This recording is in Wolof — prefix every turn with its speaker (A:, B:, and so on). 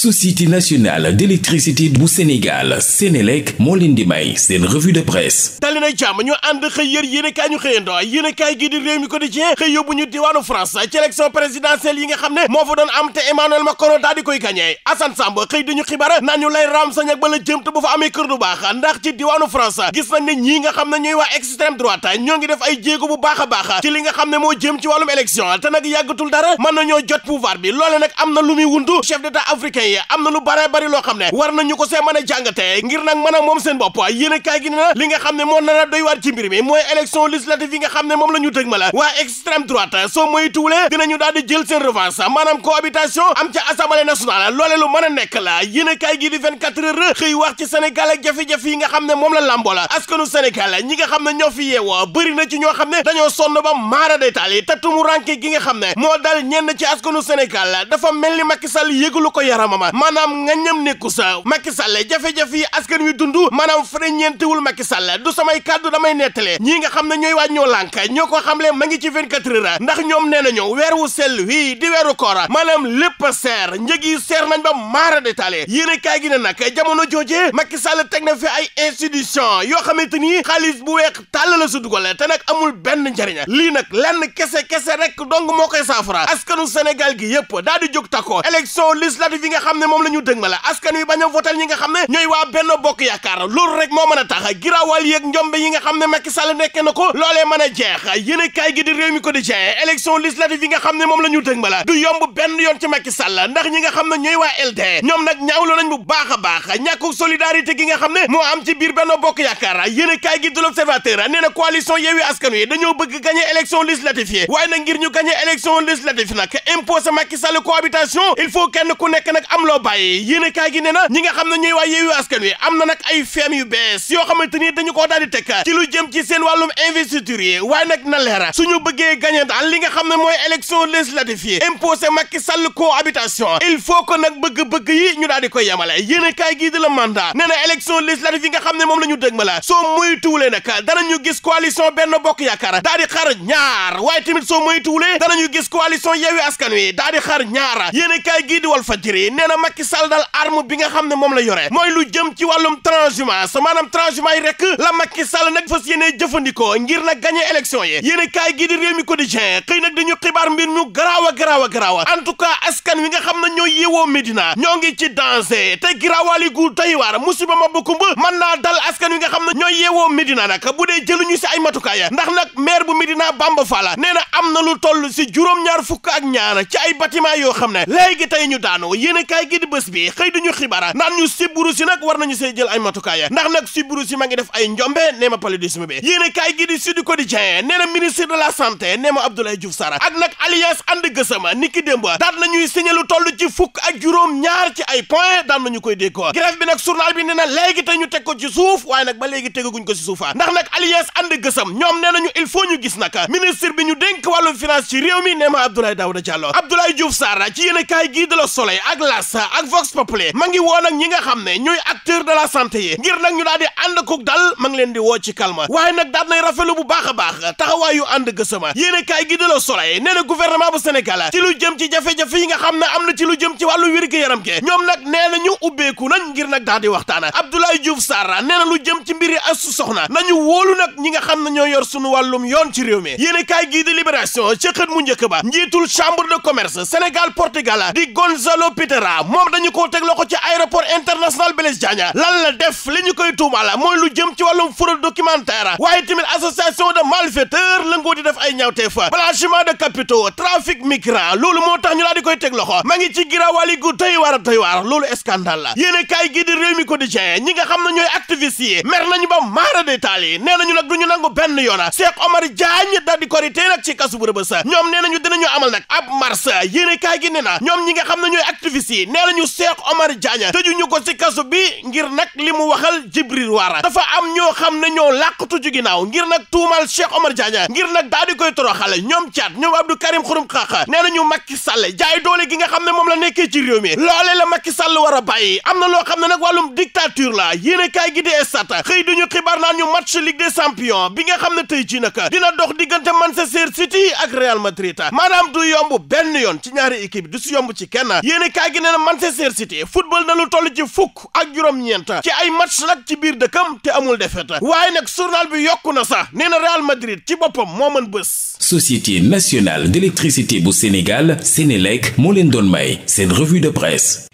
A: société nationale d'électricité bu Sénégal Sénélec moo leen di may seen revue de presse dali na ñu ànd xëy yër yéen ñu xëyandoo yéen a kaay gi di réew mi quotidien xëy yóbbu ñu diwaanu France ci élection présidentielle yi nga xam ne moo fa doon am te Emmanuel Macron daal koy gagné Assane Samb xëy dañu xibaar naan lay raam ak bala jëm te bu fa amee kër du baax ndax ci diwaanu France gis nañ ne ñii nga xam ne ñooy waa extrême droite yi am na lu bare bari xam ne war nañu ko see mën a jàngatee ngir nag mën a moom seen bopp yéen kaay gi ne li nga xam ne a doy waar moom la ñu tëg ma la waa extrême droite soo moytuwulee dinañu daal di jël seen revanche maanaam cohabitation am ca assemblée nationale loole lu mën a nekk la yéen kaay gi di 24 heures xëy wax ci Sénégal ak jafe nga xam ne moom la làmboo la askanu Sénégal ñi nga xam ne ñoo fi yeewoo bëri na ci ñoo xam ne dañoo sonn ñooma maanaam nga ñam nekku sa Macky Sall jafe-jafe yi askan wi dund maanaam fereñeentewul Macky Sall du samay kàddu damay nettale ñii nga xam ne ñooy waaj ñoo lànk ñoo ko xamle ma ngi ci 24 heures ndax ñoom nee nañu weer wu sell wii di weeru koora maanaam lépp seer njëg yi seer nañ ba maara détaillé yéen kaa gi ne nak jamono jooje Macky Sall teg na fi ay institution yoo xamante ni xaalis bu weex tàll la su dugal te nag amul benn njariñ lii nag lenn kese kese rek dong moo koy saafara askanu Sénégal gi yëpp daal di xam ne moom la ñu dëgmal askan wi bañ a votal ñi nga xam ne ñooy waa benn bokk yaakaar loolu rek moo mën a tax giraawal yeeg njombe yi nga xam ne Macky Sall nekkee na ko loolee mën a jeex a kaay gi di réew mi ko di jeex élection législative yi nga xam ne moom la ñu dëgmal du yomb benn yoon ci Macky Sall ndax ñi nga xam ne ñooy waa LD ñoom nag ñaawlu nañ bu baax a baax ñàkku solidarité gi nga xam ne moo am ci biir benn bokk yaakaar yéen a kaay gi di l'observateur nee na coalition dañoo bëgg gagné élection législative yi waaye nag ngir ñu gagné élection législative nag imposé Macky Sall cohabitation il faut ku nekk nag am loo bàyyi kaay gi na nga xam na nag ay feem yu bees yoo xamante ni dañu koo daal di teg ci lu jëm ci seen wàllum investiture yi waaye nag na leera suñu bëggee gagné daal li nga xam ne mooy élection législative yi imposé Macky Sall cohabitation il faut que nag bëgg-bëgg yi ñu daal di koy yemale yéene kaay gii di la mandat nee na élection législative yi nga xam ne moom la ñu dëg ma la soo moytuwulee nag danañu gis coalition benn bokk yaakaar daal di xar ñaar waaye tamit soo moytuwulee ñu gis coalition yeewu askan wi daal di xar ñaar yéene kaay gii wal fajiri nee na Macky Sall daal arme bi nga xam ne moom la yore mooy lu jëm ci wàllum transhumance maanaam transhumance yi rek la Macky Sall nag fas yéene jëfandikoo ngir nag gagné élection yi yéen a kaay gii di réew mi quotidien xëy nag dañu xibaar mbir mu garaaw a garaaw a garaaw en tout cas askan wi nga xam ne ñoo yewoo Médina ñoo ngi ci danger te giraawaali gu waa waar musiba ma bokkumba mën naa dal askan wi nga xam na ñooy yewoo Médina nag bu dee jëluñu si ay matukaay ndax nag maire bu Médina Bamba Falla nee na am na lu toll si juróom-ñaar fukk ak ñaar ci ay bâtiment yoo xam ne kaay gi di bi xëy duñu xibaar naan ñu sibburu si war nañu see jël ay matukaay ndax nag sibburu si ma ngi ay njombe nee ma paludisme bi gi di Sud Quotidien nee la santé nee ma Abdoulaye Diouf Sarr ak nag alliance ànd gësama ni ki démb daan nañuy signé lu toll ci fukk ak juróom ñaar ci ay point daan nañu koy déggoo grève bi nag journal bi nee na léegi te ñu teg ko ci suuf waaye nag ba léegi tegaguñ ko ci suufa ndax nag alliance ànd gësam ñoom nee nañu il faut ñu gis nag ministre bi ñu dénk wàllu finance ci réew mi nee ma Abdoulaye Daouda Diallo Abdoulaye Diouf Sarr ci yéen kaay gi la Soleil ak L'As L'Obs ak Vox Populi ma ngi woon ak ñi nga xam ne ñooy acteur de la santé yi ngir nag ñu daal di ànd kook dal ma leen di woo ci kalma waaye nag daal nay rafetlu bu baax baax baax taxawaayu ànd gësama yéene kaay gi de la Soleil nee na gouvernement bu Sénégal ci lu jëm ci jafe-jafe yi nga xam ne am na ci lu jëm ci wàllu wér gu yaram ke ñoom nag nee na ñu ubbeeku nañ ngir nag daal di waxtaan Abdoulaye Diouf Sarr nee na lu jëm ci mbiri Astou na ñu woolu nag ñi nga xam ne ñoo yor sunu wàllum yoon ci réew mi yéene kaay gi de Libération ci mu njëkk ba njiitul chambre de commerce Sénégal Portugal di Gonzalo Pitera Camara moom dañu koo teg loxo ci aéroport international Blaise Diagne lan def li koy tuumaal mooy lu jëm ci wàllum fraude documentaire waaye tamit association de malfaiteurs lëngoo di def ay ñaawteef blanchiment de capitaux trafic migrant loolu moo tax ñu laa di koy teg loxo ma ci giraawali gu tey war a loolu scandale la yéen a kaay gii di réew mi quotidien ñi nga xam ne ñooy activistes yi mer nañu ba maara détail yi nee na ñoom ñi nga xam ne ñooy yi nee nañu Cheikh Omar Diagne tëjuñu ko ci kaso bi ngir nag li mu waxal Jibril Waara dafa am ñoo xam ne ñoo làqatu ci ginnaaw ngir nag tuumal Cheikh Omar Diagne ngir nag daal di koy toroxale ñoom caat ñoom Abdou Karim Xurum Xaqa nee nañu Macky Sall jaay doole gi nga xam ne moom la nekkee ci réew mi loole la Macky Sall war a bàyyi am na loo xam ne nag wàllum dictature la yéen a kaay gi di Stades xëy duñu xibaar naan ñu match Ligue des Champions bi nga xam ne tey ci nag dina dox diggante Manchester City ak Real Madrid maanaam du yomb benn yoon ci ñaari équipe du ci kenn nee na Manchester City na lu toll ci fukk ak juróom-ñeent ci ay match nag ci biir dëkkam te amul défaite waaye nag journal bi yokku na sax nee na Real Madrid ci boppam moo mën bés. Société nationale d'électricité bu Sénégal Sénélec moo leen doon may seen revue de presse.